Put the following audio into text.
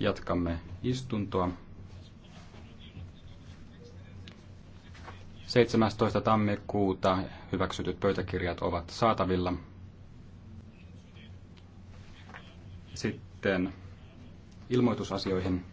Jatkamme istuntoa. 17. tammikuuta hyväksytyt pöytäkirjat ovat saatavilla. Sitten ilmoitusasioihin.